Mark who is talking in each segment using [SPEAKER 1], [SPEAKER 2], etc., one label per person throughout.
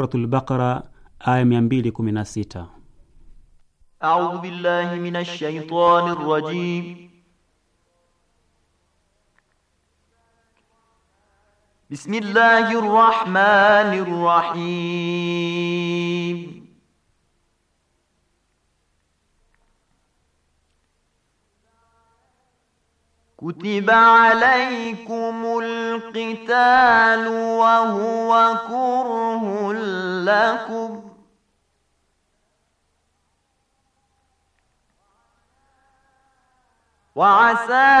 [SPEAKER 1] Suratul Baqara aya 216.
[SPEAKER 2] A'udhu billahi minash shaitani rajim. Bismillahir rahmanir rahim. كتب عليكم القتال وهو كره لكم وعسى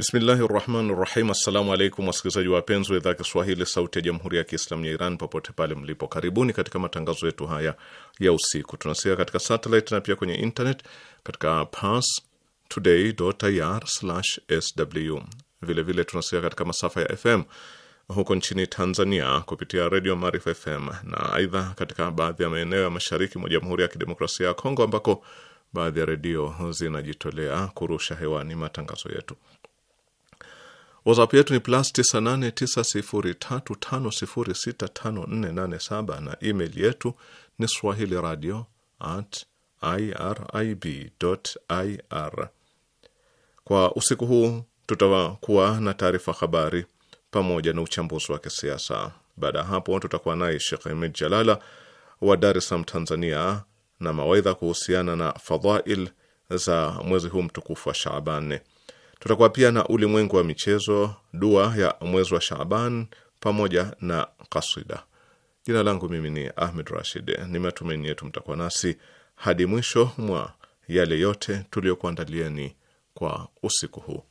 [SPEAKER 3] Bismillahi rahmani rahim. Assalamu alaikum wasikilizaji wapenzi wa idhaa Kiswahili sauti ya jamhuri ya Kiislamu ya Iran popote pale mlipo, karibuni katika matangazo yetu haya ya usiku. tunasika katika satellite na pia kwenye internet katika parstoday.ir/sw. Vilevile tunasika katika masafa ya FM huko nchini Tanzania kupitia redio Maarifa FM na aidha katika baadhi ya maeneo ya mashariki mwa jamhuri ya kidemokrasia ya Kongo ambako baadhi ya redio zinajitolea kurusha hewani matangazo yetu. WhatsApp yetu ni plus 989035065487 na email yetu ni swahili radio at irib ir. Kwa usiku huu tutakuwa na taarifa habari pamoja na uchambuzi wa kisiasa. Baada ya hapo, tutakuwa naye Shekh Ahmed Jalala wa Dar es Salaam, Tanzania, na mawaidha kuhusiana na fadhail za mwezi huu mtukufu wa shaabani Tutakuwa pia na ulimwengu wa michezo, dua ya mwezi wa Shaaban pamoja na kasida. Jina langu mimi ni Ahmed Rashid. Ni matumaini yetu mtakuwa nasi hadi mwisho mwa yale yote tuliyokuandalieni kwa usiku huu.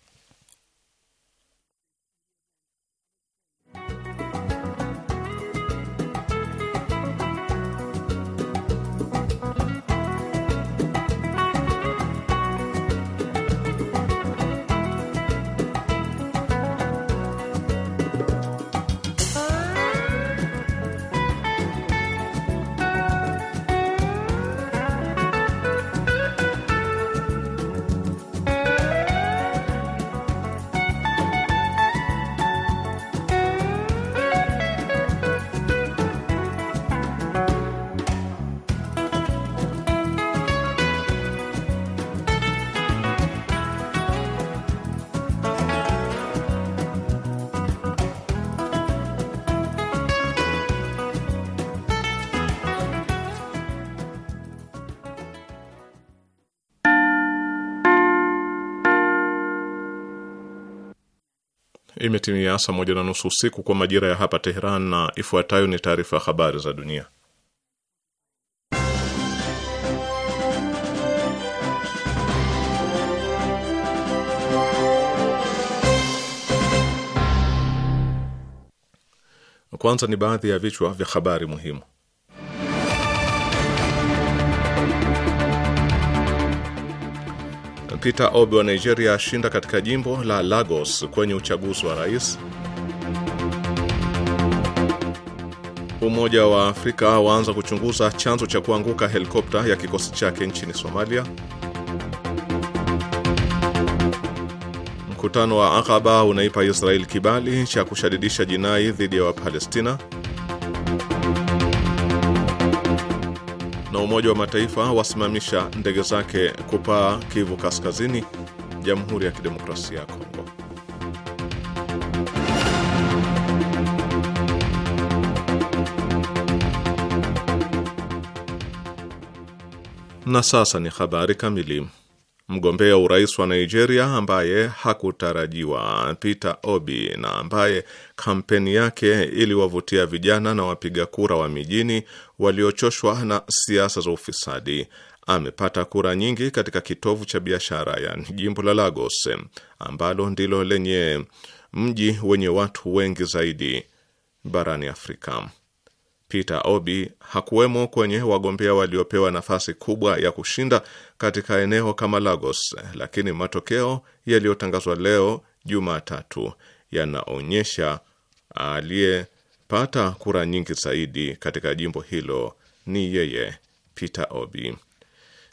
[SPEAKER 3] imetimia saa moja na nusu usiku kwa majira ya hapa Teheran, na ifuatayo ni taarifa ya habari za dunia. Kwanza ni baadhi ya vichwa vya habari muhimu. Peter Obi wa Nigeria ashinda katika jimbo la Lagos kwenye uchaguzi wa rais. Umoja wa Afrika waanza kuchunguza chanzo cha kuanguka helikopta ya kikosi chake nchini Somalia. Mkutano wa Aqaba unaipa Israeli kibali cha kushadidisha jinai dhidi ya Wapalestina. Umoja wa Mataifa wasimamisha ndege zake kupaa Kivu Kaskazini, Jamhuri ya Kidemokrasia ya Kongo. Na sasa ni habari kamili. Mgombea urais wa Nigeria ambaye hakutarajiwa Peter Obi na ambaye kampeni yake iliwavutia vijana na wapiga kura wa mijini waliochoshwa na siasa za ufisadi amepata kura nyingi katika kitovu cha biashara yani jimbo la Lagos ambalo ndilo lenye mji wenye watu wengi zaidi barani Afrika. Peter Obi hakuwemo kwenye wagombea waliopewa nafasi kubwa ya kushinda katika eneo kama Lagos, lakini matokeo yaliyotangazwa leo Jumatatu yanaonyesha aliye atakayepata kura nyingi zaidi katika jimbo hilo ni yeye Peter Obi.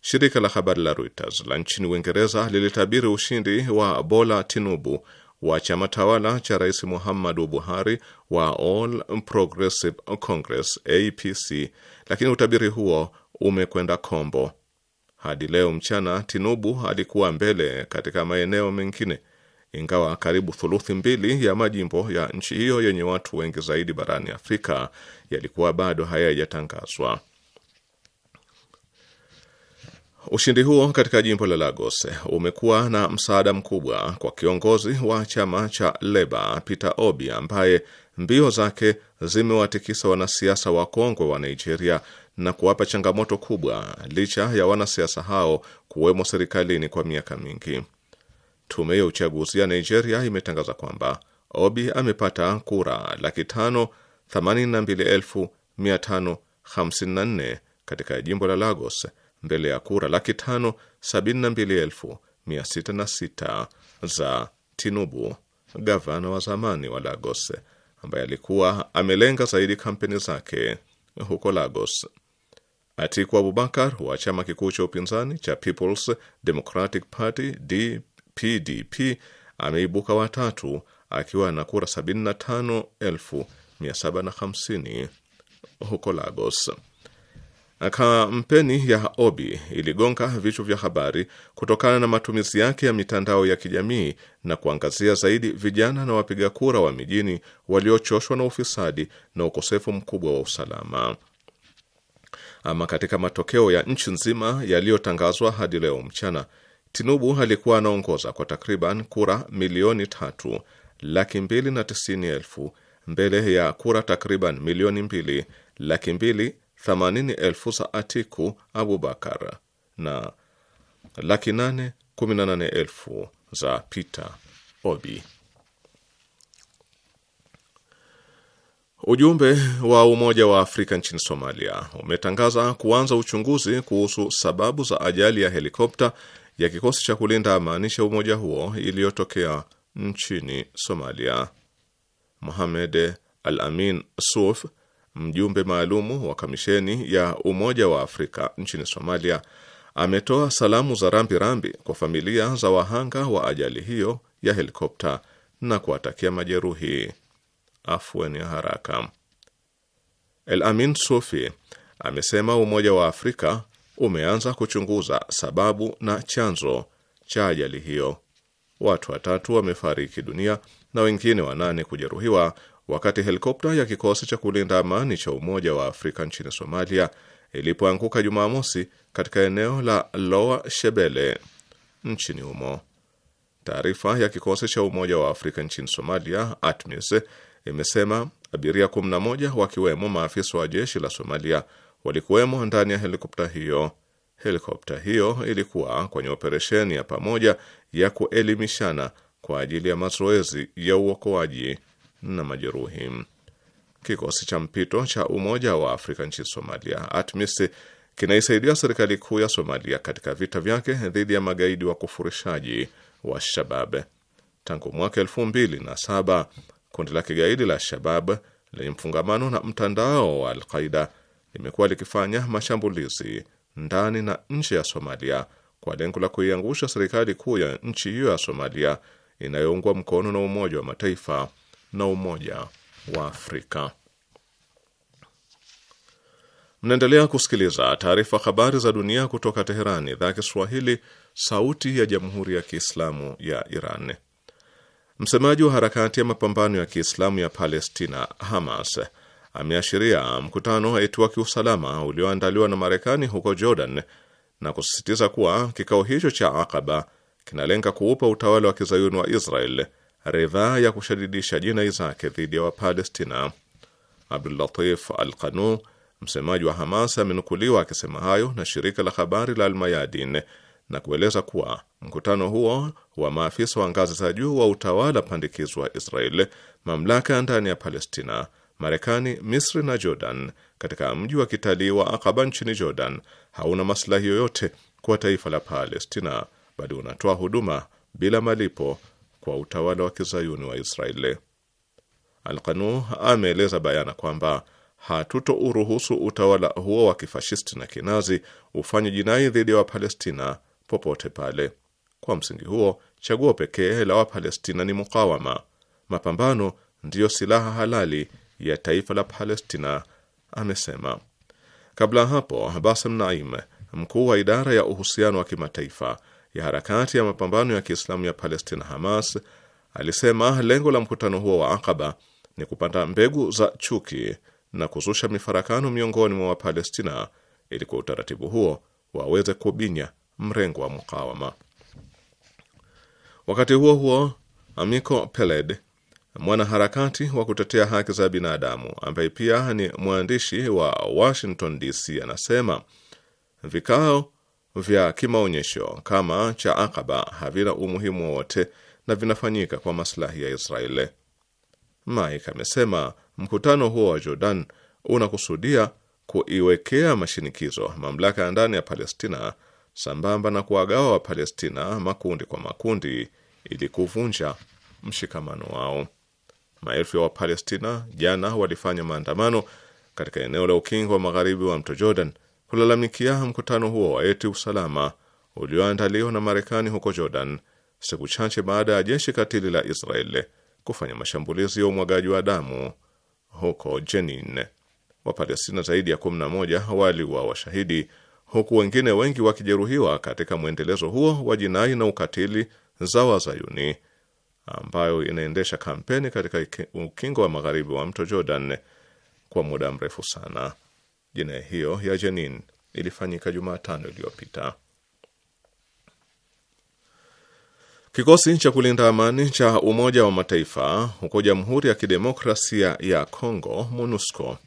[SPEAKER 3] Shirika la habari la Reuters la nchini Uingereza lilitabiri ushindi wa Bola Tinubu wa chama tawala cha Rais Muhammadu Buhari wa All Progressive Congress APC, lakini utabiri huo umekwenda kombo. Hadi leo mchana, Tinubu alikuwa mbele katika maeneo mengine ingawa karibu thuluthi mbili ya majimbo ya nchi hiyo yenye watu wengi zaidi barani Afrika yalikuwa bado hayajatangazwa. Ushindi huo katika jimbo la Lagos umekuwa na msaada mkubwa kwa kiongozi wa chama cha Leba Peter Obi, ambaye mbio zake zimewatikisa wanasiasa wakongwe wa Nigeria na kuwapa changamoto kubwa, licha ya wanasiasa hao kuwemo serikalini kwa miaka mingi. Tume ya uchaguzi ya Nigeria imetangaza kwamba Obi amepata kura laki tano themanini na mbili elfu mia tano hamsini na nne katika jimbo la Lagos mbele ya kura laki tano sabini na mbili elfu mia sita na sita za Tinubu, gavana wa zamani wa Lagos ambaye alikuwa amelenga zaidi kampeni zake huko Lagos. Atiku Abubakar wa chama kikuu cha upinzani cha Peoples Democratic Party DP PDP ameibuka watatu akiwa na kura 75,750 huko Lagos. Kampeni ya Obi iligonga vichwa vya habari kutokana na matumizi yake ya mitandao ya kijamii na kuangazia zaidi vijana na wapiga kura wa mijini waliochoshwa na ufisadi na ukosefu mkubwa wa usalama. Ama katika matokeo ya nchi nzima yaliyotangazwa hadi leo mchana Tinubu alikuwa anaongoza kwa takriban kura milioni tatu laki mbili na tisini elfu mbele ya kura takriban milioni mbili laki mbili themanini elfu za Atiku Abubakar na laki nane kumi na nane elfu za Peter Obi. Ujumbe wa Umoja wa Afrika nchini Somalia umetangaza kuanza uchunguzi kuhusu sababu za ajali ya helikopta ya kikosi cha kulinda amani cha umoja huo iliyotokea nchini Somalia. Mohamed Al-Amin Suf, mjumbe maalumu wa kamisheni ya Umoja wa Afrika nchini Somalia, ametoa salamu za rambirambi kwa familia za wahanga wa ajali hiyo ya helikopta na kuwatakia majeruhi afueni ya haraka. El Amin Sufi amesema Umoja wa Afrika umeanza kuchunguza sababu na chanzo cha ajali hiyo. Watu watatu wamefariki dunia na wengine wanane kujeruhiwa wakati helikopta ya kikosi cha kulinda amani cha Umoja wa Afrika nchini Somalia ilipoanguka Jumamosi katika eneo la Lower Shebele nchini humo. Taarifa ya kikosi cha Umoja wa Afrika nchini Somalia ATMIS imesema abiria 11 wakiwemo maafisa wa jeshi la Somalia walikuwemo ndani ya helikopta hiyo. Helikopta hiyo ilikuwa kwenye operesheni ya pamoja ya kuelimishana kwa ajili ya mazoezi ya uokoaji na majeruhi. Kikosi cha mpito cha Umoja wa Afrika nchini Somalia, ATMIS, kinaisaidia serikali kuu ya Somalia katika vita vyake dhidi ya magaidi wa kufurishaji wa Shabab. Tangu mwaka elfu mbili na saba kundi la kigaidi la Shabab lenye mfungamano na mtandao wa Alqaida limekuwa likifanya mashambulizi ndani na nje ya Somalia kwa lengo la kuiangusha serikali kuu ya nchi hiyo ya Somalia inayoungwa mkono na Umoja wa Mataifa na Umoja wa Afrika. Mnaendelea kusikiliza taarifa habari za dunia kutoka Teherani, idhaa Kiswahili, sauti ya jamhuri ya kiislamu ya Iran. Msemaji wa harakati ya mapambano ya kiislamu ya Palestina, Hamas, ameashiria mkutano wa eti wa kiusalama ulioandaliwa na Marekani huko Jordan na kusisitiza kuwa kikao hicho cha aqaba kinalenga kuupa utawala wa kizayuni wa Israel ridhaa ya kushadidisha jinai zake dhidi ya Wapalestina. Abdulatif Al Qanu, msemaji wa Hamas, amenukuliwa akisema hayo na shirika la habari la Almayadin na kueleza kuwa mkutano huo wa maafisa wa ngazi za juu wa utawala pandikizwa wa Israel mamlaka ndani ya Palestina Marekani, Misri na Jordan katika mji wa kitalii wa Akaba nchini Jordan hauna maslahi yoyote kwa taifa la Palestina, bali unatoa huduma bila malipo kwa utawala wa kizayuni wa Israeli. Alqanu ameeleza bayana kwamba hatuto uruhusu utawala huo wa kifashisti na kinazi ufanye jinai dhidi ya Wapalestina popote pale. Kwa msingi huo, chaguo pekee la Wapalestina ni mukawama. Mapambano ndiyo silaha halali ya taifa la Palestina amesema. Kabla ya hapo, Bassem Naim, mkuu wa idara ya uhusiano wa kimataifa ya harakati ya mapambano ya Kiislamu ya Palestina, Hamas, alisema lengo la mkutano huo wa Aqaba ni kupanda mbegu za chuki na kuzusha mifarakano miongoni mwa Wapalestina ili kwa utaratibu huo waweze kubinya mrengo wa mukawama. Wakati huo huo, Amiko Peled, mwanaharakati wa kutetea haki za binadamu ambaye pia ni mwandishi wa Washington DC, anasema vikao vya kimaonyesho kama cha Akaba havina umuhimu wowote na vinafanyika kwa maslahi ya Israeli. Mike amesema mkutano huo wa Jordan unakusudia kuiwekea mashinikizo mamlaka ya ndani ya Palestina sambamba na kuwagawa Wapalestina makundi kwa makundi ili kuvunja mshikamano wao. Maelfu ya Wapalestina jana walifanya maandamano katika eneo la ukingo wa magharibi wa mto Jordan kulalamikia mkutano huo wa eti usalama ulioandaliwa na Marekani huko Jordan, siku chache baada ya jeshi katili la Israeli kufanya mashambulizi ya umwagaji wa damu huko Jenin. Wapalestina zaidi ya 11 waliwa washahidi huku wengine wengi wakijeruhiwa katika mwendelezo huo wa jinai na ukatili za Wazayuni ambayo inaendesha kampeni katika ukingo wa magharibi wa mto Jordan kwa muda mrefu sana. Jinai hiyo ya Jenin ilifanyika Jumatano iliyopita. Kikosi cha kulinda amani cha Umoja wa Mataifa huko Jamhuri ya Kidemokrasia ya Kongo, MONUSCO,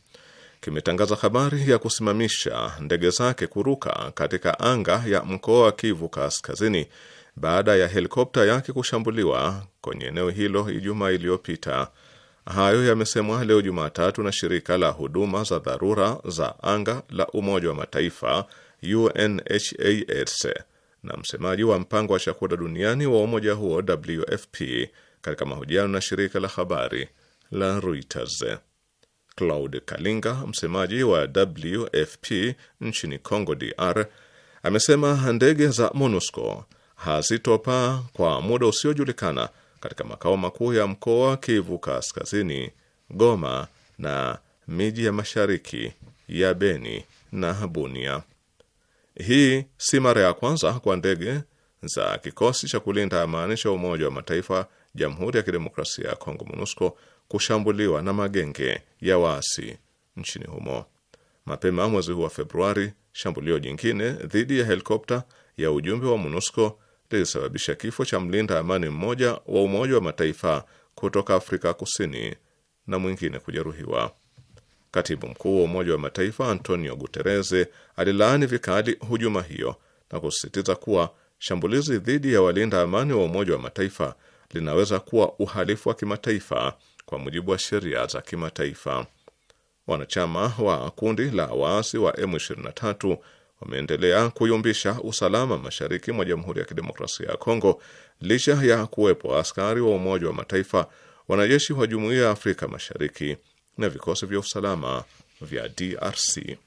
[SPEAKER 3] kimetangaza habari ya kusimamisha ndege zake kuruka katika anga ya mkoa wa Kivu Kaskazini baada ya helikopta yake kushambuliwa kwenye eneo hilo Ijumaa iliyopita. Hayo yamesemwa leo Jumatatu na shirika la huduma za dharura za anga la Umoja wa Mataifa UNHAS na msemaji wa mpango wa chakula duniani wa umoja huo WFP katika mahojiano na shirika la habari la Reuters. Claude Kalinga, msemaji wa WFP nchini Congo DR, amesema ndege za MONUSCO hazitopaa kwa muda usiojulikana katika makao makuu ya mkoa Kivu Kaskazini, Goma na miji ya mashariki ya Beni na Bunia. Hii si mara ya kwanza kwa ndege za kikosi cha kulinda amani cha Umoja wa Mataifa Jamhuri ya Kidemokrasia ya Kongo, MONUSCO, kushambuliwa na magenge ya waasi nchini humo. Mapema mwezi huu wa Februari, shambulio jingine dhidi ya helikopta ya ujumbe wa MONUSCO lilisababisha kifo cha mlinda amani mmoja wa Umoja wa Mataifa kutoka Afrika Kusini na mwingine kujeruhiwa. Katibu mkuu wa Umoja wa Mataifa Antonio Guterres alilaani vikali hujuma hiyo na kusisitiza kuwa shambulizi dhidi ya walinda amani wa Umoja wa Mataifa linaweza kuwa uhalifu wa kimataifa kwa mujibu wa sheria za kimataifa. Wanachama wa kundi la waasi wa M23 wameendelea kuyumbisha usalama mashariki mwa Jamhuri ya Kidemokrasia ya Kongo licha ya kuwepo askari wa Umoja wa Mataifa, wanajeshi wa Jumuiya ya Afrika Mashariki na vikosi vya usalama vya DRC.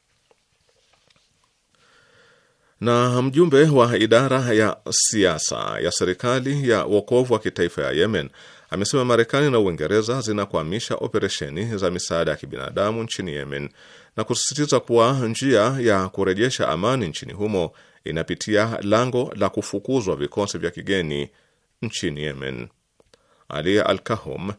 [SPEAKER 3] Na mjumbe wa idara ya siasa ya serikali ya wokovu wa kitaifa ya Yemen amesema Marekani na Uingereza zinakwamisha operesheni za misaada ya kibinadamu nchini Yemen na kusisitiza kuwa njia ya kurejesha amani nchini humo inapitia lango la kufukuzwa vikosi vya kigeni nchini Yemen. Ali Al-Kahum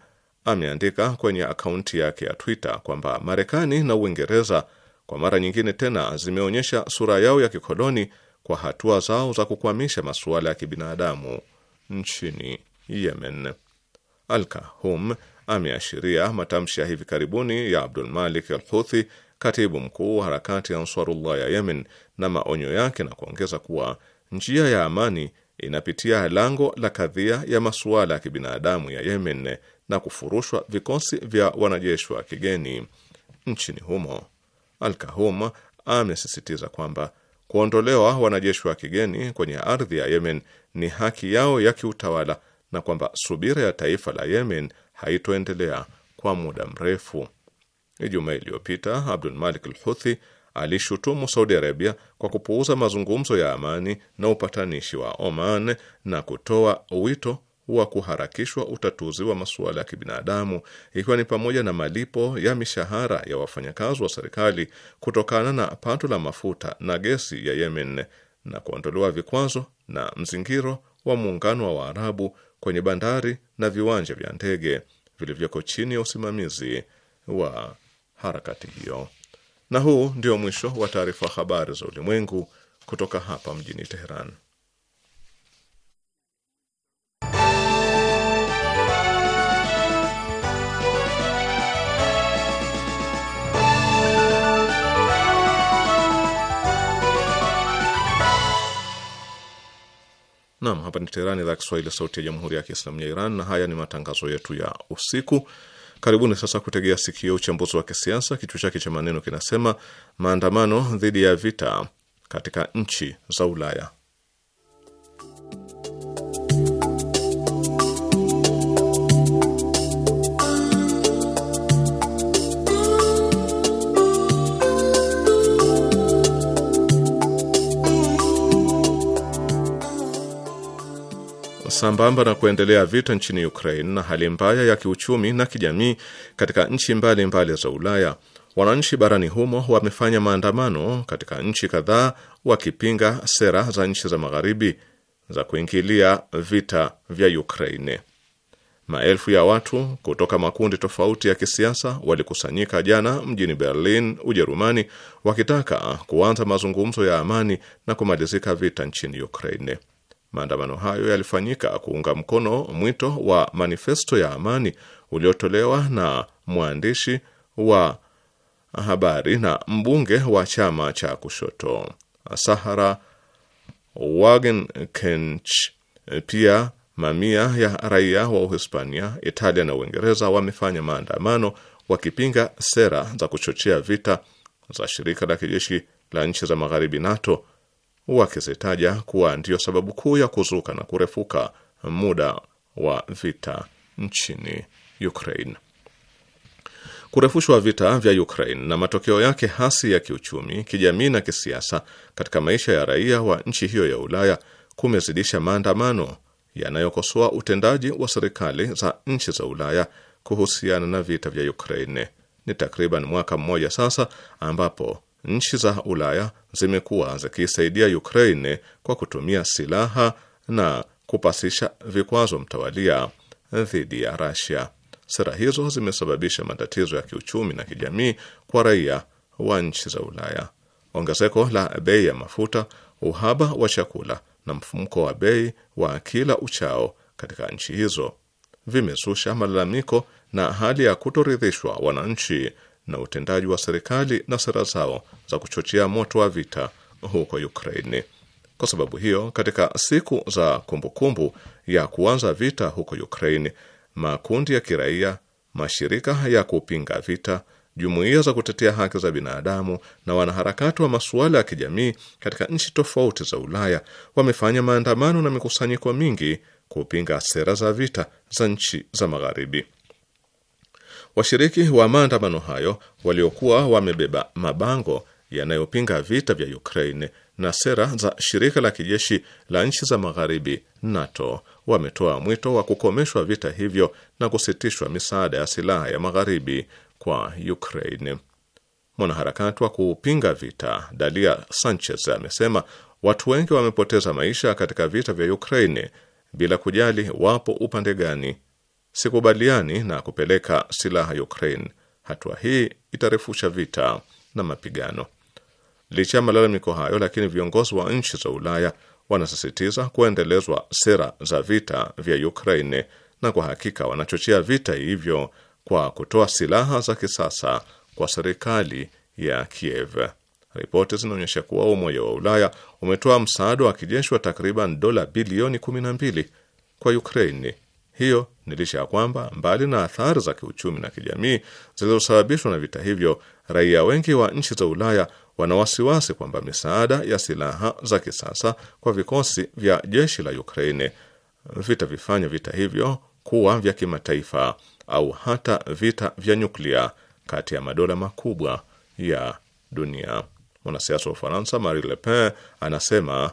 [SPEAKER 3] ameandika kwenye akaunti yake ya Twitter kwamba Marekani na Uingereza kwa mara nyingine tena zimeonyesha sura yao ya kikoloni kwa hatua zao za kukwamisha masuala ya kibinadamu nchini Yemen. Al-Kahum ameashiria matamshi ya hivi karibuni ya Abdul Malik Al-Houthi katibu mkuu wa harakati ya Ansarullah ya Yemen na maonyo yake, na kuongeza kuwa njia ya amani inapitia lango la kadhia ya masuala ya kibinadamu ya Yemen na kufurushwa vikosi vya wanajeshi wa kigeni nchini humo. Al-Kahum amesisitiza kwamba kuondolewa wanajeshi wa kigeni kwenye ardhi ya Yemen ni haki yao ya kiutawala na kwamba subira ya taifa la Yemen haitoendelea kwa muda mrefu. Ijumaa iliyopita Abdul Malik al Huthi alishutumu Saudi Arabia kwa kupuuza mazungumzo ya amani na upatanishi wa Oman na kutoa wito wa kuharakishwa utatuzi wa masuala ya kibinadamu ikiwa ni pamoja na malipo ya mishahara ya wafanyakazi wa serikali kutokana na pato la mafuta na gesi ya Yemen na kuondolewa vikwazo na mzingiro wa muungano wa Waarabu kwenye bandari na viwanja vya ndege vilivyoko chini ya usimamizi wa harakati hiyo. Na huu ndio mwisho wa taarifa habari za ulimwengu kutoka hapa mjini Teheran. Nam, hapa ni Teherani, idhaa ya Kiswahili, sauti ya jamhuri ya kiislamu ya Iran, na haya ni matangazo yetu ya usiku. Karibuni sasa kutegea sikio uchambuzi wa kisiasa, kichwa chake cha maneno kinasema maandamano dhidi ya vita katika nchi za Ulaya. sambamba na kuendelea vita nchini Ukraine na hali mbaya ya kiuchumi na kijamii katika nchi mbalimbali za Ulaya, wananchi barani humo wamefanya maandamano katika nchi kadhaa wakipinga sera za nchi za magharibi za kuingilia vita vya Ukraine. Maelfu ya watu kutoka makundi tofauti ya kisiasa walikusanyika jana mjini Berlin, Ujerumani, wakitaka kuanza mazungumzo ya amani na kumalizika vita nchini Ukraine. Maandamano hayo yalifanyika kuunga mkono mwito wa manifesto ya amani uliotolewa na mwandishi wa habari na mbunge wa chama cha kushoto Sahara Wagenknecht. Pia mamia ya raia wa Uhispania, Italia na Uingereza wamefanya maandamano wakipinga sera za kuchochea vita za shirika la kijeshi la nchi za magharibi NATO wakizitaja kuwa ndiyo sababu kuu ya kuzuka na kurefuka muda wa vita nchini Ukraine. Kurefushwa vita vya Ukraine na matokeo yake hasi ya kiuchumi, kijamii na kisiasa katika maisha ya raia wa nchi hiyo ya Ulaya kumezidisha maandamano yanayokosoa utendaji wa serikali za nchi za Ulaya kuhusiana na vita vya Ukraine. Ni takriban mwaka mmoja sasa ambapo nchi za Ulaya zimekuwa zikisaidia Ukraine kwa kutumia silaha na kupasisha vikwazo mtawalia dhidi ya Russia. Sera hizo zimesababisha matatizo ya kiuchumi na kijamii kwa raia wa nchi za Ulaya. Ongezeko la bei ya mafuta, uhaba wa chakula na mfumko wa bei wa kila uchao katika nchi hizo vimezusha malalamiko na hali ya kutoridhishwa wananchi na utendaji wa serikali na sera zao za kuchochea moto wa vita huko Ukraini. Kwa sababu hiyo, katika siku za kumbukumbu kumbu ya kuanza vita huko Ukraini, makundi ya kiraia, mashirika ya kupinga vita, jumuiya za kutetea haki za binadamu na wanaharakati wa masuala ya kijamii katika nchi tofauti za Ulaya wamefanya maandamano na mikusanyiko mingi kupinga sera za vita za nchi za Magharibi. Washiriki wa maandamano hayo waliokuwa wamebeba mabango yanayopinga vita vya Ukraine na sera za shirika la kijeshi la nchi za magharibi NATO wametoa mwito wa kukomeshwa vita hivyo na kusitishwa misaada ya silaha ya magharibi kwa Ukraine. Mwanaharakati wa kupinga vita Dalia Sanchez amesema watu wengi wamepoteza maisha katika vita vya Ukraine bila kujali wapo upande gani sikubaliani na kupeleka silaha Ukraine. Hatua hii itarefusha vita na mapigano. Licha ya malalamiko hayo, lakini viongozi wa nchi za Ulaya wanasisitiza kuendelezwa sera za vita vya Ukraine, na kwa hakika wanachochea vita hivyo kwa kutoa silaha za kisasa kwa serikali ya Kiev. Ripoti zinaonyesha kuwa Umoja wa Ulaya umetoa msaada wa kijeshi wa takriban dola bilioni 12 kwa Ukraine hiyo ni licha ya kwamba mbali na athari za kiuchumi na kijamii zilizosababishwa na vita hivyo, raia wengi wa nchi za Ulaya wana wasiwasi kwamba misaada ya silaha za kisasa kwa vikosi vya jeshi la Ukraine vitavifanya vita hivyo kuwa vya kimataifa au hata vita vya nyuklia kati ya madola makubwa ya dunia. Mwanasiasa wa Ufaransa Marie Le Pen anasema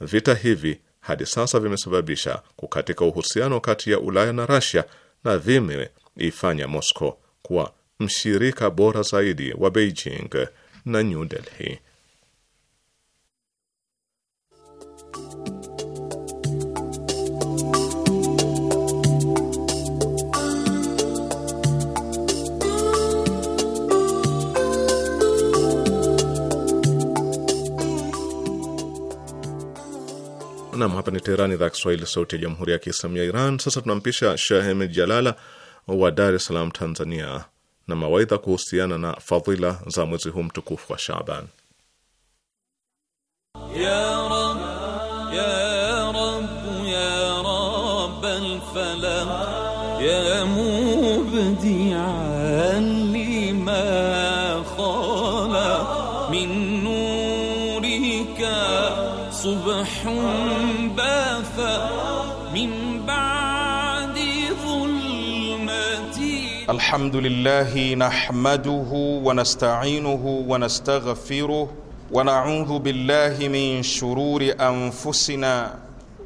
[SPEAKER 3] vita hivi hadi sasa vimesababisha kukatika uhusiano kati ya Ulaya na Russia na vimeifanya Moscow kuwa mshirika bora zaidi wa Beijing na New Delhi. Nam, hapa ni Teherani, idhaa Kiswahili, sauti ya jamhuri ya kiislamu ya Iran. Sasa tunampisha Shah Hemed Jalala wa Dar es Salaam, Tanzania, na mawaidha kuhusiana na fadhila za mwezi huu mtukufu wa Shaaban.
[SPEAKER 2] ya Rab, ya Rab, ya Rab al-falah, ya
[SPEAKER 4] mubdi'an lima khala min nurika subhan من بعد ظلمتي
[SPEAKER 5] الحمد لله نحمده ونستعينه ونستغفره ونعوذ بالله من شرور أنفسنا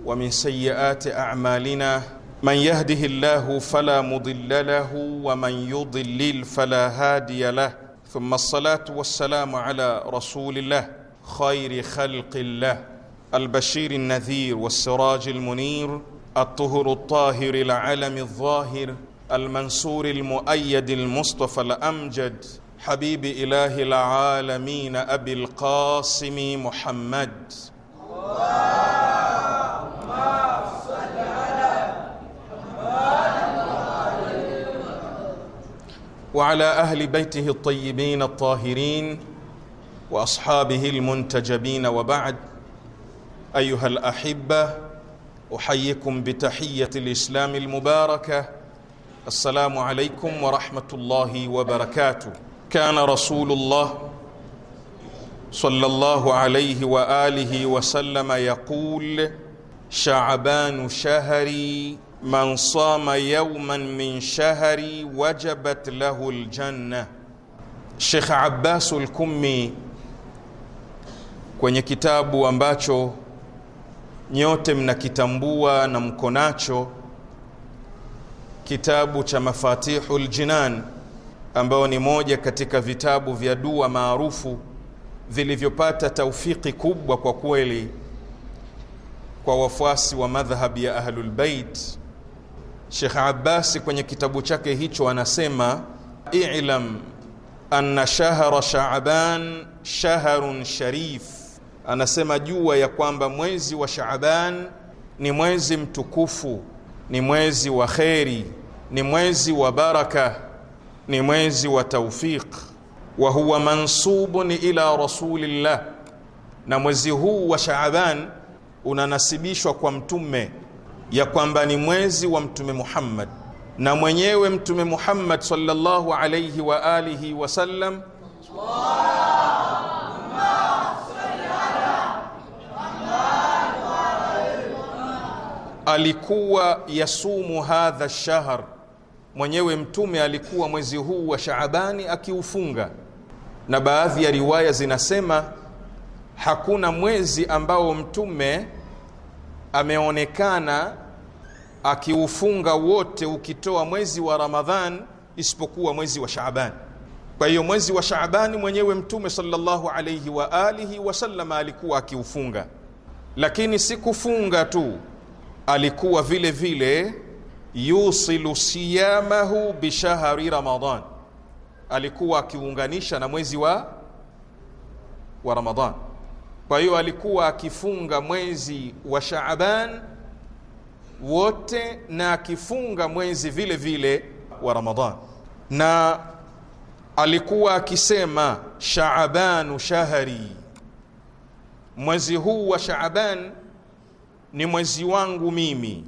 [SPEAKER 5] ومن سيئات أعمالنا من يهده الله فلا مضل له ومن يضلل فلا هادي له ثم الصلاة والسلام على رسول الله خير خلق الله البشير النذير والسراج المنير الطهر الطاهر العلم الظاهر المنصور المؤيد المصطفى الامجد حبيب اله العالمين ابي القاسم محمد وعلى اهل بيته الطيبين الطاهرين واصحابه المنتجبين وبعد أيها الأحبة أحييكم بتحية الإسلام المباركة السلام عليكم ورحمة الله وبركاته كان رسول الله صلى الله عليه وآله وسلم يقول شعبان شهري من صام يوما من شهري وجبت له الجنة شيخ عباس الكمي kwenye kitabu ambacho nyote mnakitambua na mko nacho kitabu cha mafatihu ljinan ambayo ni moja katika vitabu vya dua maarufu vilivyopata taufiki kubwa kwa kweli kwa wafuasi wa madhhabi ya Ahlulbeit. shekh abasi Abbasi kwenye kitabu chake hicho anasema i'lam anna shahra Shaaban shahrun sharif anasema jua ya kwamba mwezi wa Shaaban ni mwezi mtukufu, ni mwezi wa kheri, ni mwezi wa baraka, ni mwezi wa taufiq. Wa huwa mansubun ila rasulillah, na mwezi huu wa Shaaban unanasibishwa kwa Mtume, ya kwamba ni mwezi wa Mtume Muhammad, na mwenyewe Mtume Muhammad sallallahu alayhi wa alihi wasallam alikuwa yasumu hadha shahr, mwenyewe Mtume alikuwa mwezi huu wa Shaabani akiufunga, na baadhi ya riwaya zinasema hakuna mwezi ambao Mtume ameonekana akiufunga wote ukitoa mwezi wa Ramadhan isipokuwa mwezi wa Shaabani. Kwa hiyo mwezi wa Shaabani mwenyewe Mtume sallallahu alayhi wa alihi wasallam alikuwa akiufunga, lakini si kufunga tu alikuwa vile vile yusilu siyamahu bishahri Ramadan, alikuwa akiunganisha na mwezi wa wa Ramadan. Kwa hiyo alikuwa akifunga mwezi wa Shaaban wote na akifunga mwezi vile vile wa Ramadan, na alikuwa akisema shaabanu shahri, mwezi huu wa Shaaban ni mwezi wangu mimi.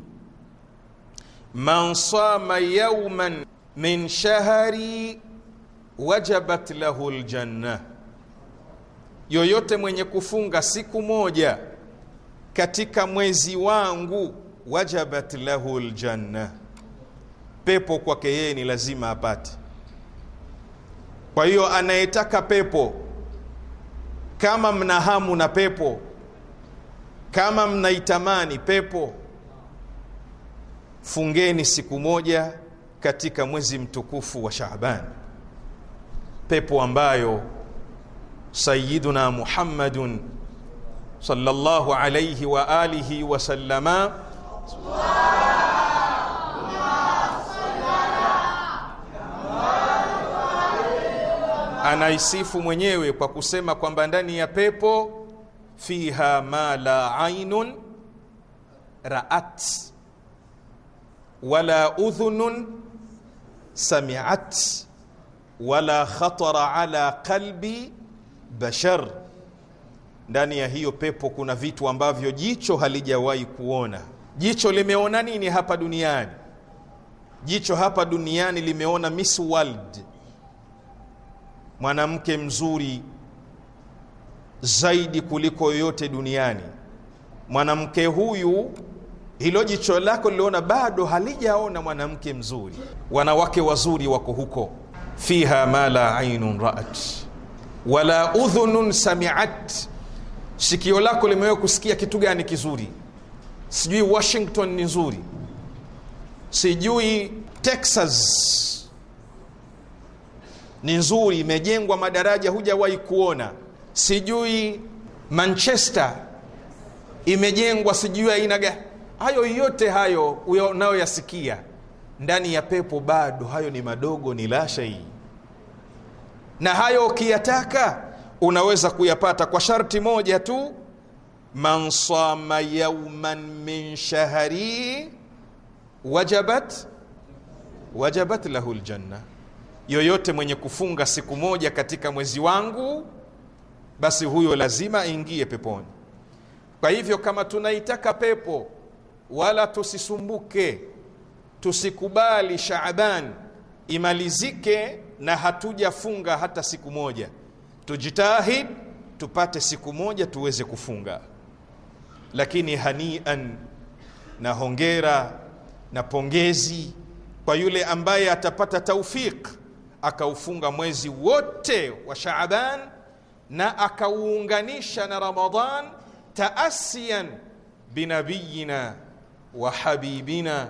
[SPEAKER 5] Man sama yauman min shahri wajabat lahu ljanna, yoyote mwenye kufunga siku moja katika mwezi wangu, wajabat lahu ljanna, pepo kwake yeye ni lazima apate. Kwa hiyo anayetaka pepo, kama mna hamu na pepo kama mnaitamani pepo, fungeni siku moja katika mwezi mtukufu wa Shaaban, pepo ambayo Sayyiduna Muhammadun sallallahu alayhi wa alihi wa sallama anaisifu mwenyewe kwa kusema kwamba ndani ya pepo fiha ma la ainun ra'at wala udhunun sami'at wala khatara ala qalbi bashar, ndani ya hiyo pepo kuna vitu ambavyo jicho halijawahi kuona. Jicho limeona nini hapa duniani? Jicho hapa duniani limeona Miss World, mwanamke mzuri zaidi kuliko yoyote duniani. Mwanamke huyu, hilo jicho lako liliona bado halijaona mwanamke mzuri. Wanawake wazuri wako huko, fiha ma la ainun raat wala udhunun samiat. Sikio lako limewea kusikia kitu gani kizuri? Sijui Washington ni nzuri, sijui Texas ni nzuri, imejengwa madaraja, hujawahi kuona sijui Manchester imejengwa sijui aina gani. Hayo yote hayo unayoyasikia ndani ya pepo, bado hayo ni madogo, ni lashai, na hayo ukiyataka unaweza kuyapata kwa sharti moja tu, man sama yauman min shahari wajabat wajabat lahu ljanna, yoyote mwenye kufunga siku moja katika mwezi wangu basi huyo lazima aingie peponi. Kwa hivyo kama tunaitaka pepo, wala tusisumbuke, tusikubali Shaaban imalizike na hatujafunga hata siku moja. Tujitahid tupate siku moja tuweze kufunga. Lakini hanian na hongera na pongezi kwa yule ambaye atapata taufik akaufunga mwezi wote wa Shaaban na akauunganisha na Ramadhan taasiyan binabiyina wa habibina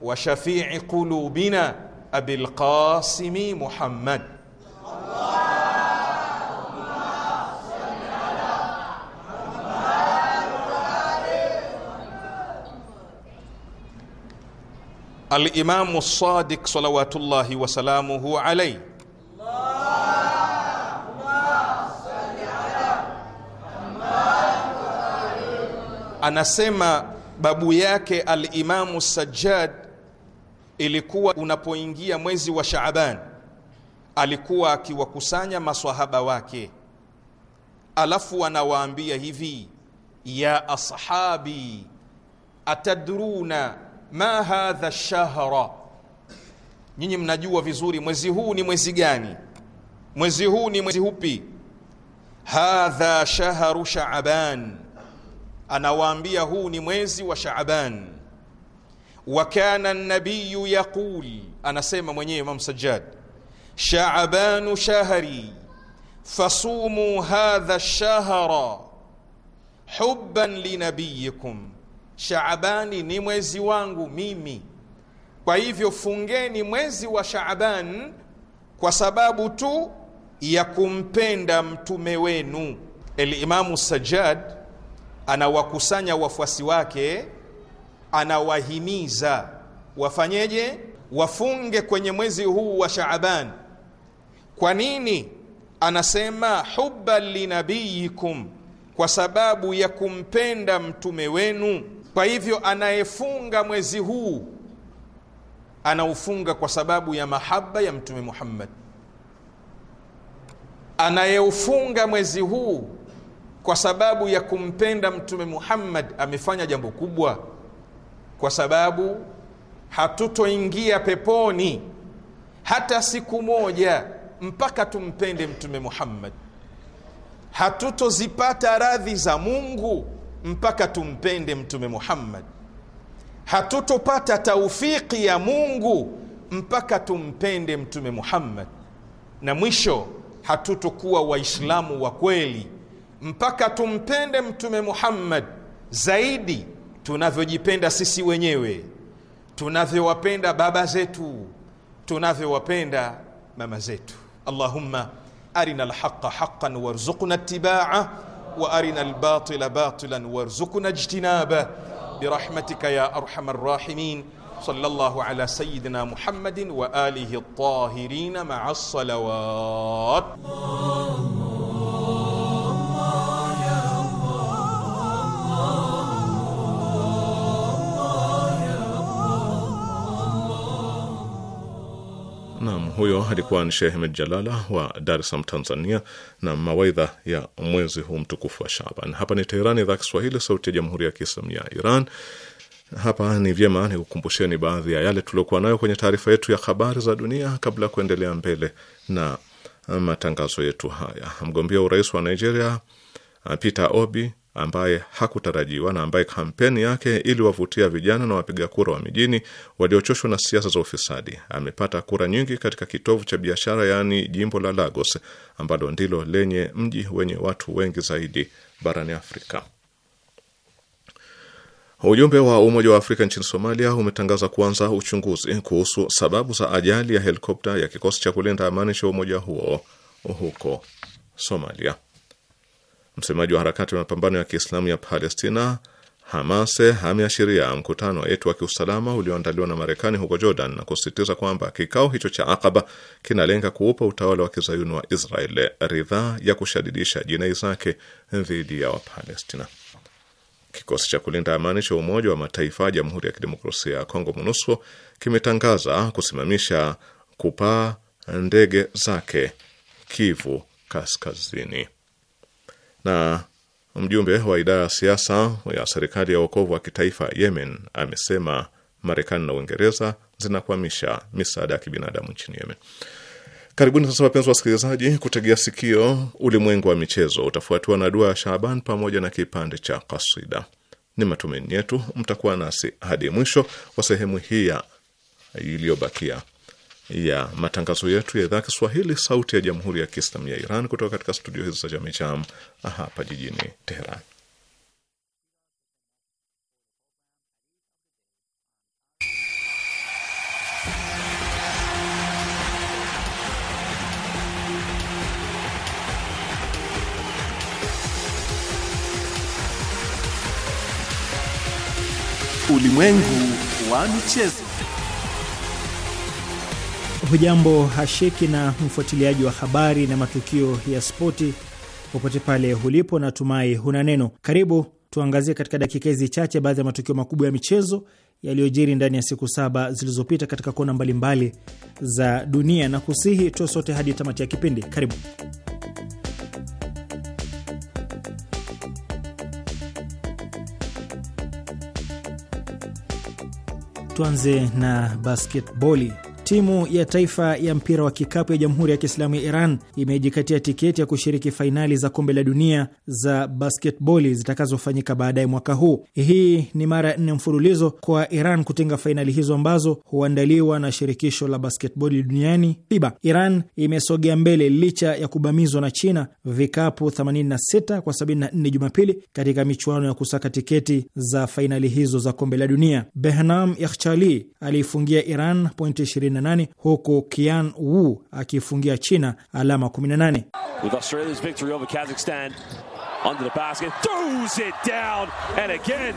[SPEAKER 5] wa shafii qulubina Abil Qasimi Muhammad الإمام الصادق صلوات الله وسلامه عليه Anasema babu yake Alimamu Sajjad, ilikuwa unapoingia mwezi wa Shaaban alikuwa akiwakusanya maswahaba wake, alafu anawaambia hivi, ya ashabi atadruna ma hadha shahra, nyinyi mnajua vizuri mwezi huu ni mwezi gani? Mwezi huu ni mwezi upi Hadha shahru shaaban anawaambia huu ni mwezi wa Shaaban. Wa kana nabiyu yaqul, anasema mwenyewe Imam Sajjad, shaabanu shahri fasumu hadha shahra hubban linabiyikum, Shaabani ni mwezi wangu mimi, kwa hivyo fungeni mwezi wa Shaaban kwa sababu tu ya kumpenda mtume wenu. Elimamu Sajjad anawakusanya wafuasi wake, anawahimiza wafanyeje? Wafunge kwenye mwezi huu wa Shaaban. Kwa nini? Anasema hubba linabiyikum, kwa sababu ya kumpenda mtume wenu. Kwa hivyo anayefunga mwezi huu anaufunga kwa sababu ya mahaba ya Mtume Muhammad. Anayeufunga mwezi huu kwa sababu ya kumpenda Mtume Muhammad amefanya jambo kubwa, kwa sababu hatutoingia peponi hata siku moja mpaka tumpende Mtume Muhammad. Hatutozipata radhi za Mungu mpaka tumpende Mtume Muhammad. Hatutopata taufiki ya Mungu mpaka tumpende Mtume Muhammad, na mwisho hatutokuwa Waislamu wa kweli mpaka tumpende Mtume Muhammad zaidi tunavyojipenda sisi wenyewe, tunavyowapenda baba zetu, tunavyowapenda mama zetu. Allahumma arina alhaqa haqqan warzuqna ittiba'a wa arina albatila batilan warzuqna ijtinaba birahmatika ya arhamar rahimin. Sallallahu ala sayyidina Muhammadin wa alihi at-tahirin ma'a as
[SPEAKER 3] Naam, huyo alikuwa ni Shehe Ahmed Jalala wa Dar es Salaam, Tanzania, na mawaidha ya mwezi huu mtukufu wa Shaaban. Hapa ni Teherani, idhaa Kiswahili, sauti ya jamhuri ya kiislamu ya Iran. Hapa ni vyema ni kukumbusheni baadhi ya yale tuliokuwa nayo kwenye taarifa yetu ya habari za dunia kabla ya kuendelea mbele na matangazo yetu haya. Mgombea urais wa Nigeria Peter Obi ambaye hakutarajiwa na ambaye kampeni yake iliwavutia vijana na wapiga kura wa mijini waliochoshwa na siasa za ufisadi. Amepata kura nyingi katika kitovu cha biashara, yaani jimbo la Lagos, ambalo ndilo lenye mji wenye watu wengi zaidi barani Afrika. Ujumbe wa Umoja wa Afrika nchini Somalia umetangaza kuanza uchunguzi kuhusu sababu za ajali ya helikopta ya kikosi cha kulinda amani cha umoja huo huko Somalia. Msemaji wa harakati ya mapambano ya Kiislamu ya Palestina Hamas ameashiria mkutano wetu wa kiusalama ulioandaliwa na Marekani huko Jordan na kusisitiza kwamba kikao hicho cha aqaba kinalenga kuupa utawala wa kizayuni wa Israel ridhaa ya kushadidisha jinai zake dhidi ya Wapalestina. Kikosi cha kulinda amani cha Umoja wa Mataifa Jamhuri ya Kidemokrasia ya Kongo, MONUSCO, kimetangaza kusimamisha kupaa ndege zake Kivu Kaskazini na mjumbe wa idara ya siasa ya serikali ya wokovu wa kitaifa Yemen amesema Marekani na Uingereza zinakwamisha misaada ya kibinadamu nchini Yemen. Karibuni sasa wapenzi wasikilizaji, kutegea sikio ulimwengu wa michezo, utafuatiwa na dua ya Shaaban pamoja na kipande cha kasida. Ni matumaini yetu mtakuwa nasi hadi mwisho wa sehemu hii iliyobakia ya matangazo yetu ya idhaa Kiswahili sauti ya jamhuri ya Kiislamu ya Iran kutoka katika studio hizi za Jamicham hapa jijini Teheran. Ulimwengu wa michezo.
[SPEAKER 1] Hujambo hashiki na mfuatiliaji wa habari na matukio ya spoti popote pale ulipo, natumai huna neno. Karibu tuangazie katika dakika hizi chache baadhi ya matukio makubwa ya michezo yaliyojiri ndani ya siku saba zilizopita katika kona mbalimbali za dunia, na kusihi tuwe sote hadi tamati ya kipindi. Karibu. Tuanze na basketboli. Timu ya taifa ya mpira wa kikapu ya Jamhuri ya Kiislamu ya Iran imejikatia tiketi ya kushiriki fainali za kombe la dunia za basketboli zitakazofanyika baadaye mwaka huu. Hii ni mara ya nne mfululizo kwa Iran kutinga fainali hizo ambazo huandaliwa na shirikisho la basketboli duniani FIBA. Iran imesogea mbele licha ya kubamizwa na China vikapu 86 kwa 74 Jumapili katika michuano ya kusaka tiketi za fainali hizo za kombe la dunia. Behnam Yakhchali aliifungia Iran pointi 18 huku Qian Wu akifungia China alama 18.
[SPEAKER 4] With Australia's victory over Kazakhstan under the basket throws it down and again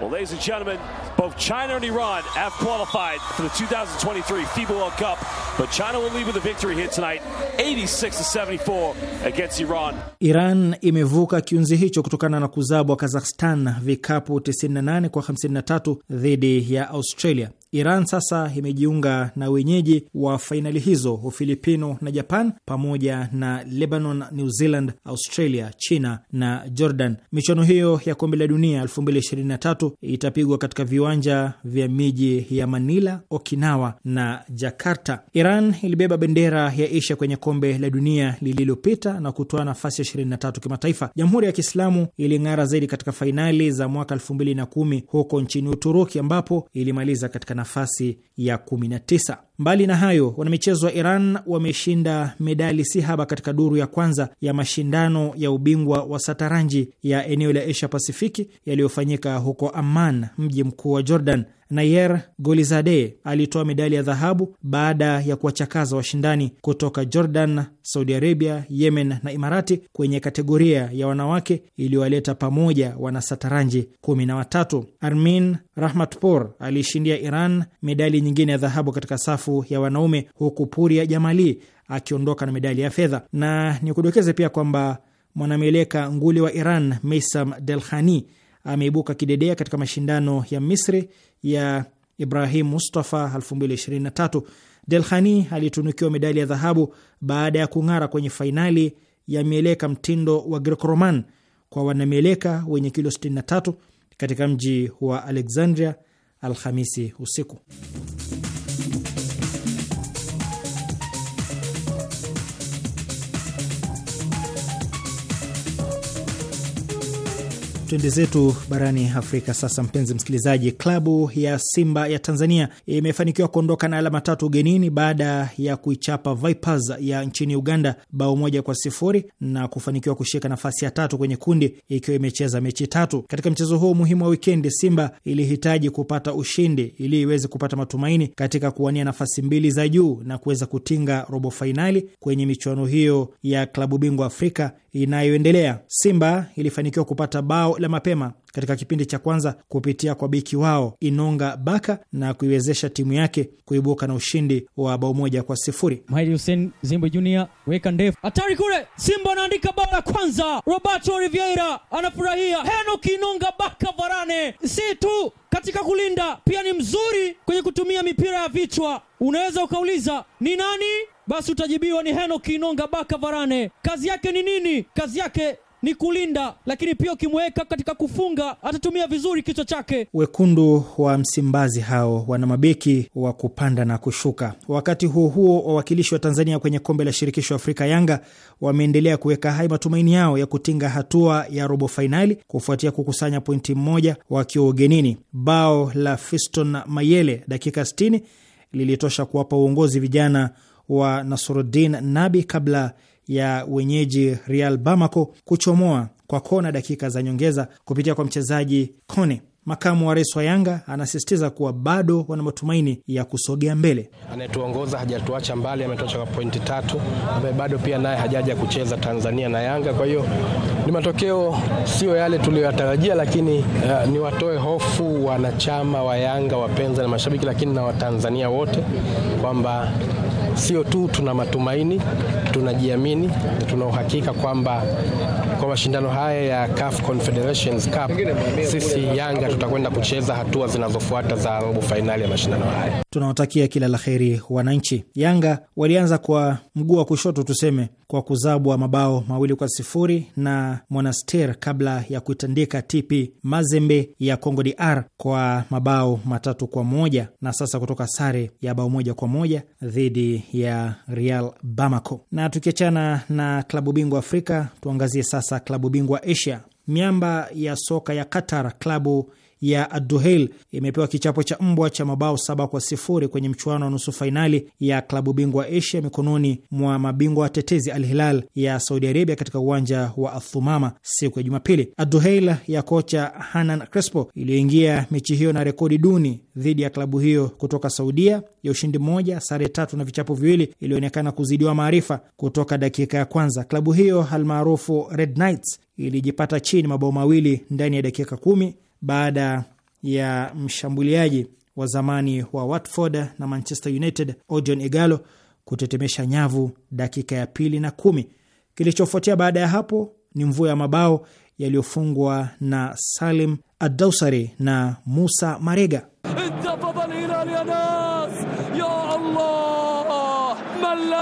[SPEAKER 4] Well, ladies and gentlemen, both China and Iran have qualified for the 2023 FIBA World Cup, but China will leave with a victory here tonight, 86 74 against Iran.
[SPEAKER 1] Iran imevuka kiunzi hicho kutokana na kuzabwa Kazakhstan vikapu 98 kwa 53 dhidi ya Australia. Iran sasa imejiunga na wenyeji wa fainali hizo Ufilipino na Japan pamoja na Lebanon, New Zealand, Australia, China na Jordan. Michuano hiyo ya kombe la dunia 2023 itapigwa katika viwanja vya miji ya Manila, Okinawa na Jakarta. Iran ilibeba bendera ya Asia kwenye kombe la dunia lililopita na kutoa nafasi ya 23 kimataifa. Jamhuri ya Kiislamu iling'ara zaidi katika fainali za mwaka 2010 huko nchini Uturuki ambapo ilimaliza katika nafasi ya 19. Mbali na hayo, wanamichezo wa Iran wameshinda medali si haba katika duru ya kwanza ya mashindano ya ubingwa wa sataranji ya eneo la Asia Pasifiki yaliyofanyika huko Amman, mji mkuu wa Jordan. Nayer golizade alitoa medali ya dhahabu baada ya kuwachakaza washindani kutoka Jordan, Saudi Arabia, Yemen na Imarati kwenye kategoria ya wanawake iliyowaleta pamoja wanasataranji kumi na watatu. Armin Rahmatpor aliishindia Iran medali nyingine ya dhahabu katika safu safu ya wanaume, huku Puria Jamali akiondoka na medali ya fedha. Na ni kudokeza pia kwamba mwanameleka nguli wa Iran Meisam Delhani ameibuka kidedea katika mashindano ya Misri ya Ibrahim Mustafa 2023. Delhani alitunukiwa medali ya dhahabu baada ya kung'ara kwenye fainali ya mieleka mtindo wa Greco-Roman kwa wanamieleka wenye kilo 63 katika mji wa Alexandria Alhamisi usiku. Twende zetu barani Afrika sasa, mpenzi msikilizaji. Klabu ya Simba ya Tanzania imefanikiwa kuondoka na alama tatu ugenini baada ya kuichapa Vipers ya nchini Uganda bao moja kwa sifuri na kufanikiwa kushika nafasi ya tatu kwenye kundi ikiwa imecheza mechi tatu. Katika mchezo huo muhimu wa wikendi, Simba ilihitaji kupata ushindi ili iweze kupata matumaini katika kuwania nafasi mbili za juu na kuweza kutinga robo fainali kwenye michuano hiyo ya klabu bingwa Afrika inayoendelea. Simba ilifanikiwa kupata bao la mapema katika kipindi cha kwanza kupitia kwa beki wao Inonga Baka na kuiwezesha timu yake kuibuka na ushindi wa bao moja kwa sifuri. Maili Hussein Zimbo Junior weka ndefu, hatari kule, Simba anaandika bao la kwanza. Roberto olivieira anafurahia, Henok Inonga Baka Varane si tu katika kulinda, pia ni mzuri kwenye kutumia mipira ya vichwa. Unaweza ukauliza ni nani? Basi utajibiwa ni Henok Inonga Baka Varane. Kazi yake ni nini? Kazi yake ni kulinda, lakini pia ukimweka katika kufunga atatumia vizuri kichwa chake. Wekundu wa Msimbazi hao wana mabeki wa kupanda na kushuka. Wakati huo huo, wawakilishi wa Tanzania kwenye kombe la shirikisho Afrika Yanga wameendelea kuweka hai matumaini yao ya kutinga hatua ya robo fainali kufuatia kukusanya pointi mmoja wakiwa ugenini. Bao la Fiston Mayele dakika 60 lilitosha kuwapa uongozi vijana wa Nasrudin Nabi kabla ya wenyeji Real Bamako kuchomoa kwa kona dakika za nyongeza kupitia kwa mchezaji Kone. Makamu wa rais wa Yanga anasisitiza kuwa bado wana matumaini ya kusogea mbele.
[SPEAKER 5] Anayetuongoza hajatuacha mbali, ametuacha kwa pointi tatu, ambaye bado pia naye hajaja kucheza Tanzania na Yanga. Kwa hiyo ni matokeo sio yale tuliyoyatarajia, lakini uh, ni watoe hofu wanachama wa Yanga, wapenza na mashabiki, lakini na Watanzania wote kwamba sio tu tuna matumaini, tunajiamini, tuna uhakika kwamba kwa mashindano haya ya CAF Confederations Cup sisi Yanga tutakwenda kucheza hatua zinazofuata za robo fainali ya mashindano haya.
[SPEAKER 1] Tunawatakia kila la heri wananchi. Yanga walianza kwa mguu wa kushoto tuseme, kwa kuzabwa mabao mawili kwa sifuri na monaster kabla ya kuitandika TP Mazembe ya Congo DR kwa mabao matatu kwa moja na sasa kutoka sare ya bao moja kwa moja dhidi ya Real Bamako. Na tukiachana na klabu bingwa Afrika, tuangazie sasa klabu bingwa Asia. Miamba ya soka ya Qatar, klabu ya Adduheil imepewa kichapo cha mbwa cha mabao saba kwa sifuri kwenye mchuano wa nusu fainali ya klabu bingwa Asia mikononi mwa mabingwa watetezi Al Hilal ya Saudi Arabia katika uwanja wa Athumama siku ya Jumapili. Adduheil ya kocha Hanan Crespo iliyoingia mechi hiyo na rekodi duni dhidi ya klabu hiyo kutoka Saudia ya ushindi mmoja, sare tatu na vichapo viwili, ilionekana kuzidiwa maarifa kutoka dakika ya kwanza. Klabu hiyo almaarufu Red Knights ilijipata chini mabao mawili ndani ya dakika kumi baada ya mshambuliaji wa zamani wa Watford na Manchester United Odion Igalo kutetemesha nyavu dakika ya pili na kumi. Kilichofuatia baada ya hapo ni mvua ya mabao yaliyofungwa na Salim Addausari na Musa Marega.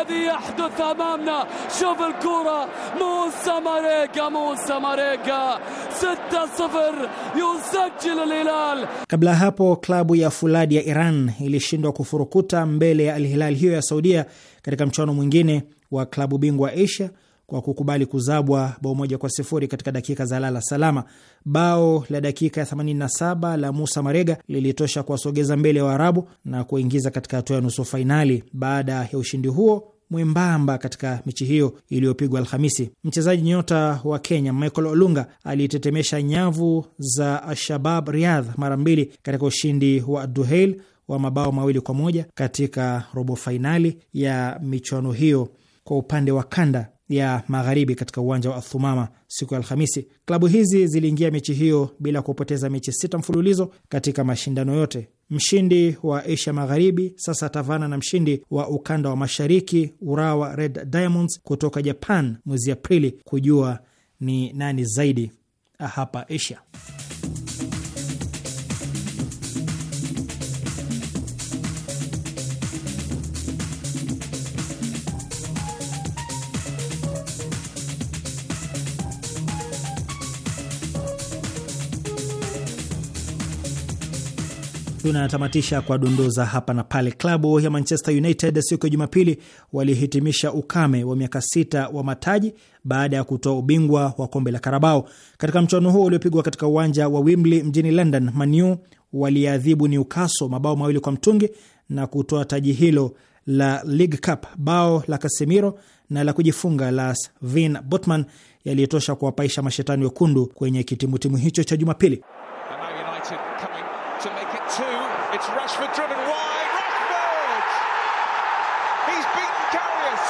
[SPEAKER 4] الذي يحدث أمامنا شوف الكرة موسى ماريكا موسى ماريكا 6-0 يسجل الهلال قبل
[SPEAKER 1] Kabla ya hapo klabu ya Fuladi ya Iran ilishindwa kufurukuta mbele ya Al-Hilal hiyo ya Saudia katika mchuano mwingine wa klabu bingwa Asia kwa kukubali kuzabwa bao moja kwa sifuri katika dakika za lala salama. Bao la dakika ya 87 la Musa Marega lilitosha kuwasogeza mbele ya wa Waarabu na kuingiza katika hatua ya nusu fainali. Baada ya ushindi huo mwembamba katika mechi hiyo iliyopigwa Alhamisi, mchezaji nyota wa Kenya Michael Olunga alitetemesha nyavu za ashabab Riyadh mara mbili katika ushindi wa Duhail wa mabao mawili kwa moja katika robo fainali ya michuano hiyo. Kwa upande wa kanda ya magharibi katika uwanja wa Athumama siku ya Alhamisi. Klabu hizi ziliingia mechi hiyo bila kupoteza mechi sita mfululizo katika mashindano yote. Mshindi wa Asia Magharibi sasa atavana na mshindi wa ukanda wa mashariki Urawa Red Diamonds kutoka Japan mwezi Aprili kujua ni nani zaidi hapa Asia. tunatamatisha kwa dondoza hapa na pale. Klabu ya Manchester United siku ya Jumapili walihitimisha ukame wa miaka sita wa mataji baada ya kutoa ubingwa wa kombe la Karabao. Katika mchuano huo uliopigwa katika uwanja wa Wembley mjini London, Manu waliadhibu Newcastle mabao mawili kwa mtungi na kutoa taji hilo la League Cup. Bao la Casemiro na la kujifunga la Sven Botman yaliyotosha kuwapaisha mashetani wekundu kwenye kitimutimu hicho cha Jumapili.
[SPEAKER 5] It's Rashford driven wide. Rashford! He's beaten Carrius.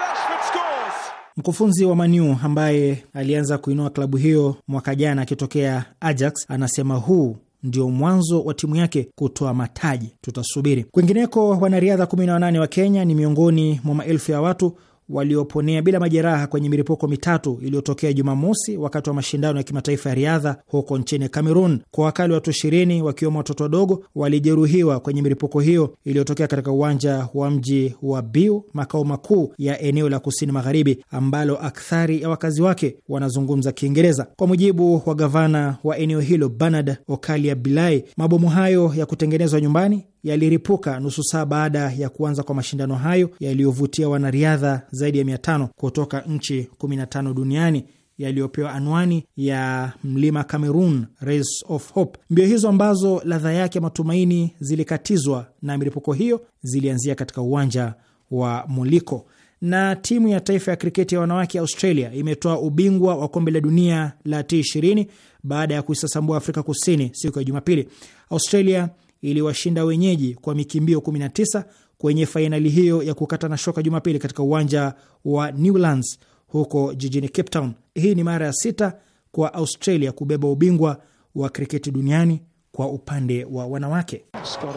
[SPEAKER 1] Rashford scores. Mkufunzi wa manu ambaye alianza kuinua klabu hiyo mwaka jana akitokea Ajax anasema huu ndio mwanzo wa timu yake kutoa mataji, tutasubiri. Kwingineko, wanariadha 18 wa Kenya ni miongoni mwa maelfu ya watu walioponea bila majeraha kwenye milipuko mitatu iliyotokea Jumamosi wakati wa mashindano ya kimataifa ya riadha huko nchini Cameroon. Kwa wakali watu ishirini wakiwemo watoto wadogo walijeruhiwa kwenye milipuko hiyo iliyotokea katika uwanja wa mji wa Biu, makao makuu ya eneo la kusini magharibi ambalo akthari ya wakazi wake wanazungumza Kiingereza. Kwa mujibu wa gavana wa eneo hilo Bernard Okalia Bilai, mabomu hayo ya kutengenezwa nyumbani yaliripuka nusu saa baada ya kuanza kwa mashindano hayo yaliyovutia wanariadha zaidi ya 500 kutoka nchi 15 duniani yaliyopewa anwani ya mlima Cameroon Race of Hope. Mbio hizo ambazo ladha yake matumaini zilikatizwa na milipuko hiyo zilianzia katika uwanja wa Moliko. Na timu ya taifa ya kriketi ya wanawake Australia imetoa ubingwa wa kombe la dunia la T20 baada ya kuisasambua Afrika Kusini siku ya Jumapili. Australia iliwashinda wenyeji kwa mikimbio 19 kwenye fainali hiyo ya kukata na shoka Jumapili katika uwanja wa Newlands huko jijini Cape Town. Hii ni mara ya sita kwa Australia kubeba ubingwa wa kriketi duniani kwa upande wa wanawake.
[SPEAKER 6] Oh,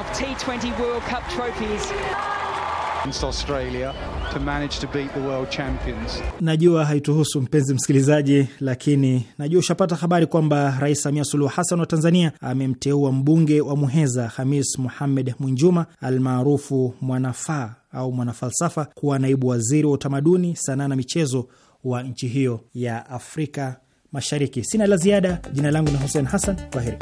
[SPEAKER 6] of T20 World Cup trophies. Australia to manage to beat the world champions.
[SPEAKER 1] Najua haituhusu mpenzi msikilizaji, lakini najua ushapata habari kwamba Rais Samia Suluhu Hassan wa Tanzania amemteua mbunge wa Muheza Hamis Muhamed Mwinjuma almaarufu Mwanafaa au Mwanafalsafa kuwa naibu waziri wa utamaduni, sanaa na michezo wa nchi hiyo ya Afrika Mashariki. Sina la ziada. Jina langu ni Hussein Hassan. heri.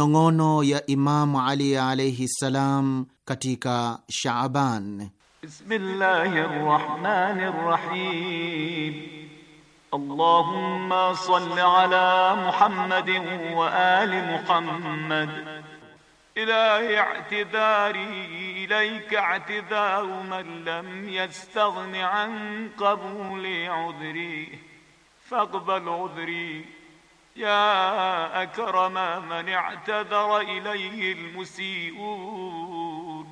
[SPEAKER 7] minong'ono ya Imamu Ali alaihi ssalam katika Shaaban.
[SPEAKER 4] Bismillahi rahmani rahim. Allahumma salli ala Muhammadin wa ali Muhammad. Ilahi اعتذاري ilayka اعتذار man lam يستغن an قبول 'udhri. Faqbal 'udhri. ya akrama man i'tadhara ilayhi almusi'un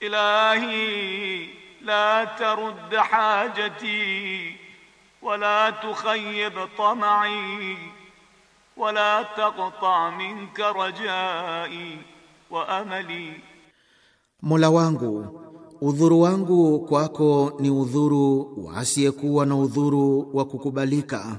[SPEAKER 4] ilahi la tarudd hajati wala tukhayyib tam'i wala taqta' minka rajai wa amali,
[SPEAKER 7] Mola wangu udhuru wangu kwako ni udhuru wasiyekuwa na udhuru wa kukubalika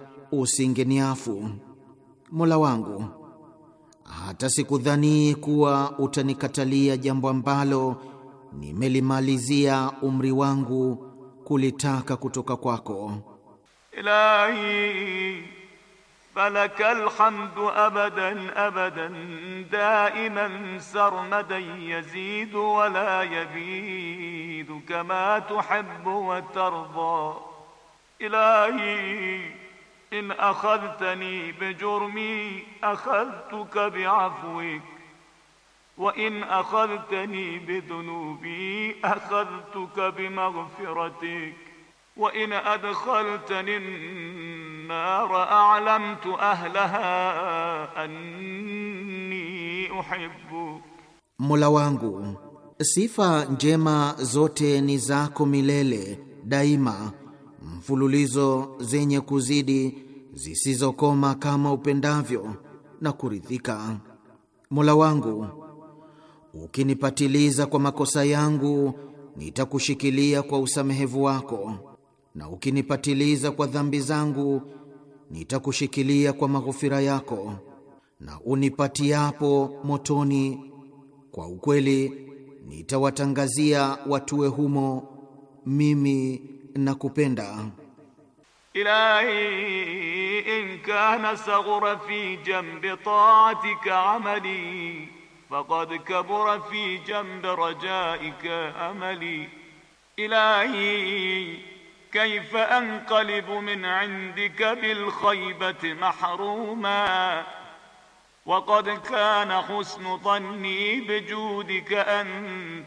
[SPEAKER 7] usingeniafu Mola wangu, hata sikudhani kuwa utanikatalia jambo ambalo nimelimalizia umri wangu kulitaka kutoka kwako.
[SPEAKER 4] Ilahi falakal hamdu abadan abadan daiman sarmadan yazidu wala yabidu kama tuhibbu wa tarda ilahi in akhadhtani bijurmi akhadhtuka biafwik wa in akhadhtani bidhunubi akhadhtuka bimaghfiratik wa in adkhaltani an-nara a'lamtu ahlaha anni uhibbuk,
[SPEAKER 7] Mola wangu sifa njema zote ni zako milele daima mfululizo zenye kuzidi zisizokoma kama upendavyo na kuridhika. Mola wangu, ukinipatiliza kwa makosa yangu nitakushikilia kwa usamehevu wako, na ukinipatiliza kwa dhambi zangu nitakushikilia kwa maghufira yako, na unipatiapo motoni kwa ukweli nitawatangazia watue humo mimi na kupenda.
[SPEAKER 4] Ilahi in kana saghura fi jambi ta'atika amali faqad kabura fi jambi rajaika amali Ilahi كيف أنقلب من عندك بالخيبة محروما Waqad kana husnu dhanni bijudika an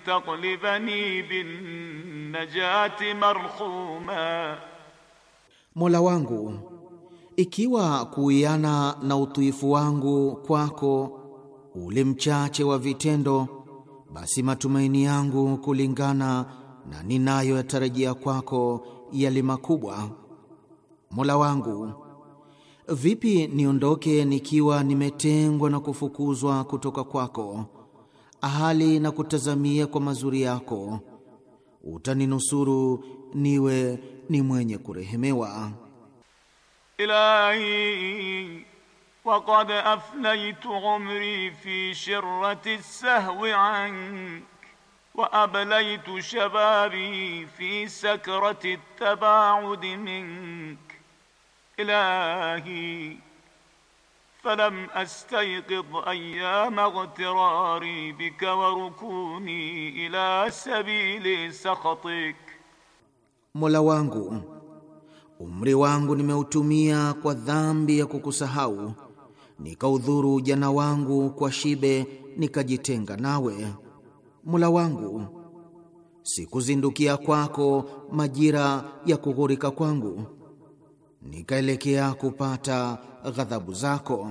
[SPEAKER 4] taqlibani bin najati marhuma,
[SPEAKER 7] Mola wangu, ikiwa kuiana na utuifu wangu kwako ule mchache wa vitendo, basi matumaini yangu kulingana na ninayoyatarajia kwako yali makubwa. Mola wangu Vipi niondoke nikiwa nimetengwa na kufukuzwa kutoka kwako, ahali na kutazamia kwa mazuri yako? Utaninusuru niwe ni mwenye kurehemewa.
[SPEAKER 4] Ilahi waqad afnaytu umri fi shirrati sahwi ank wa ablaytu shababi fi sakrati tabaudi mink إلهي فلم أستيقظ أيام اغتراري بك وركوني إلى سبيل سخطك
[SPEAKER 7] Mola wangu, umri wangu nimeutumia kwa dhambi ya kukusahau, nikaudhuru ujana wangu kwa shibe, nikajitenga nawe. Mola wangu, sikuzindukia kwako majira ya kughurika kwangu nikaelekea kupata ghadhabu zako.